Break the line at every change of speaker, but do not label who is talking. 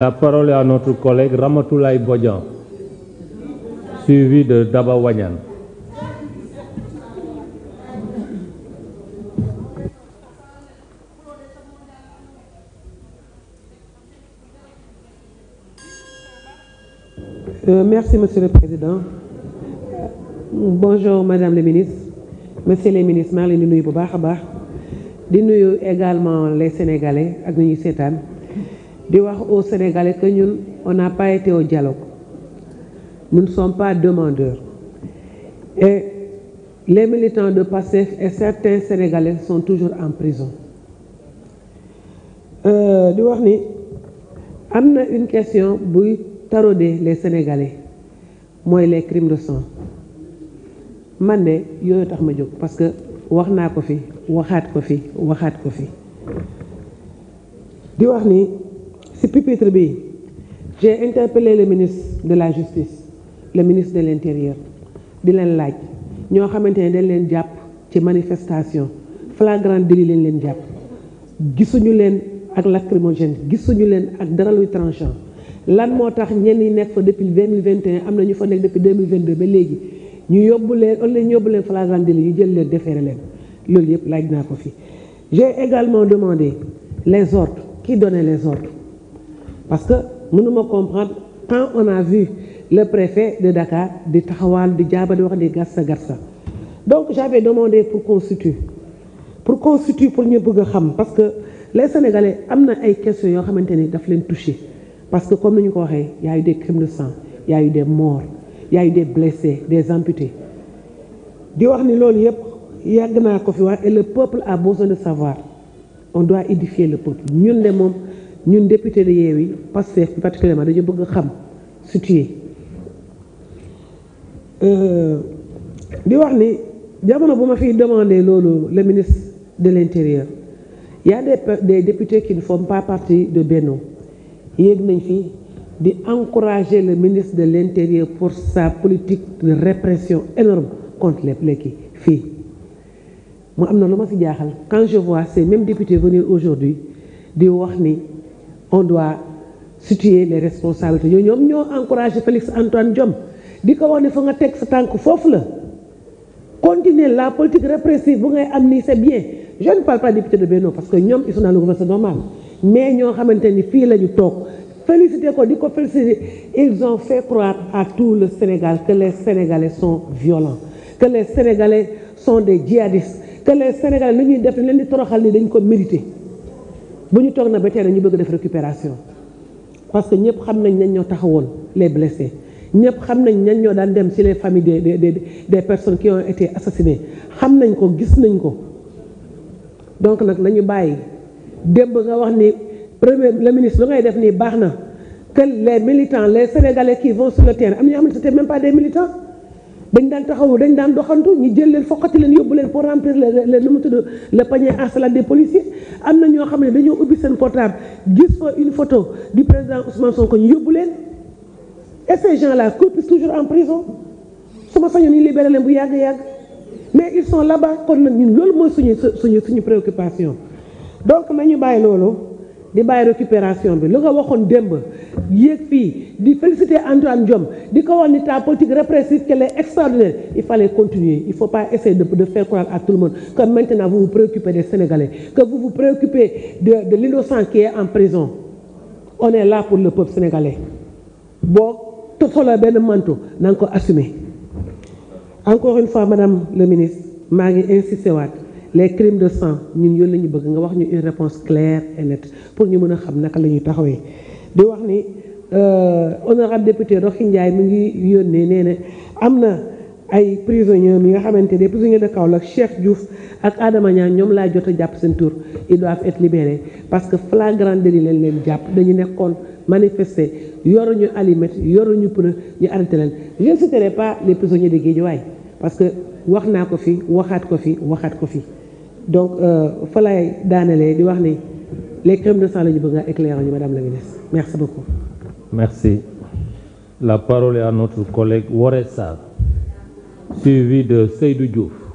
La parole est à notre euh, merci, Monsieur le Président. Euh, bonjour, Madame la Ministre, Monsieur les ministres, maa di nuyu bu baax a baax di nuyu également les Sénégalais ak ñi ñuy seetaan. di wax aux Sénégalais que ñun on n'a pas jaloo mun dialogue nous ne et les militants de PASTEF et certains Sénégalais son toujours en prison euh, di wax ni am na une question buy tarauder les Sénégalais mooy les crimes de sang man de yooyu tax ma jóg parce que wax naa ko fi waxaat ko fi waxaat ko fi di wax ni si pupitre bi j'ai interpellé le ministre de la justice le ministre de l'intérieur di leen laaj ñoo xamante ne dañ leen jàpp ci manifestation flagrant délit lañ leen jàpp gisuñu leen ak lacrymogène gisuñu leen ak dara luy tranchant lan moo tax ñeen yi nekk fa depuis vingt et am na ñu fa nekk depuis deux mille ba léegi ñu yóbbu leen au lieu ñu yóbbu leen flagrant délit ñu jël leen déféré leen loolu yëpp laaj naa ko fi j'ai également demandé les ordres qui donnait les ordres parce que mënuma comprendre quand on a vu le préfet de Dakar di taxawaal di jaaba di wax di garsa garsa donc j'avais demandé pour constituer pour constituer pour ñu bëgg a xam parce que les sénégalais am na ay questions yoo xamante ni daf leen touché parce que comme ni ñu ko waxee y a eu des crimes de sang y a eu des morts y a des blessés di wax ni loolu yëpp yàgg naa ko fi wax et le peuple à besoin de savoir on doit édifier le peuple ñu de moom. ñun député de Yewwi Pastef bi particulièrement dañu bëgg xam situé euh, di wax ni jamono bu ma fiy demandé loolu le ministre de l'intérieur y a des des députés qui pas partie de Benno yéeg nañ fi di encourager le ministre de l'intérieur pour sa politique de répression énorme contre les fii mu am na lu ma si jaaxal quand je vois ces mêmes députés venir aujourd'hui di wax ni on doit situer les responsabilités yooyu ñoom ñoo encouragé Félix Antoine jom di ko wax ne fa nga teg sa tànk foofu la continuer la politique répressive bu ngay am nii c'est bien je ne parle pas député de Benno parce que ñoom ils sont dans le normal mais ñoo xamante ni fii la ñu toog félicité ko di ko félicité ils ont fait croire à tout le Sénégal que les Sénégalais sont violents que les Sénégalais sont des djihadistes que les Sénégalais lu ñuy def leen di toroxal ni dañ ko mérité bu ñu toog na ba tey ñu bëgg def récupération parce que ñëpp xam nañ ñan ñoo taxawoon les blessés ñëpp xam nañ ñan ñoo daan dem ci les famille des des des personne qui ont été assassinées xam nañ ko gis nañ ko donc nag nañu bàyyi démb nga wax ni premier le ministre lu ngay def nii baax na que les militants les sénégalais qui vont sur le terrain am ñoo xam ne c'était même pas des militants dañu daan taxaw dañu daan doxantu ñu jël leen foqati leen yóbbu leen pour remplir le nu mu tudd le panier à salade des am na ñoo xam ne dañoo ubbi seen portable gis fa une photo du président Ousmane ko ñu yóbbu leen et ces gens-là croupissent toujours en prison su ma sañoon ñu libéré leen bu yàgg yàgg mais il sont là-bas kon nag ñu loolu mooy suñu suñu suñu préoccupation donc nañu bàyyi loolu. di bàyyi récupération bi lu nga waxoon démb yéeg fii di féliciter Antoine Diome di ko wax ni ta politique répressive qu'elle est extraordinaire il fallait continuer il faut pas essayer de de faire croire à tout le monde que maintenant vous vous préoccupez des Sénégalais que vous vous préoccupez de de l'innocent qui est en prison on est là pour le peuple sénégalais boo tosoloo benn manteau na ko assumer encore une fois madame le ministre maa ngi insister waat les crimes de sang ñun yooyu la bëgg nga wax ñu une réponse claire et nette pour ñu mën a xam naka la ñuy taxawee di wax ni euh, honorable député rox Ndiaye mi ngi yónnee nee na am na ay prisonniers mi nga xamante ne prisonniers de Kaolack Cheikh Diouf ak Adama Niang ñoom laa jot a jàpp seen tour ils doivent être libérés parce que flagrant délit leen leen jàpp dañu nekkoon manifester yoruñu aliment yoruñu pneu ñu arrêté leen je ne citerai pas les prisonniers de Guédiawaye parce que wax naa ko fi waxaat ko fi waxaat ko fi. donc euh, fa laay daanelee di wax ni les crèmes de sang la ñu bëgg a éclairer ñu madame la ministre merci beaucoup. merci la parole est à notre collègue Woré Sarr suivi de Seydou Diouf.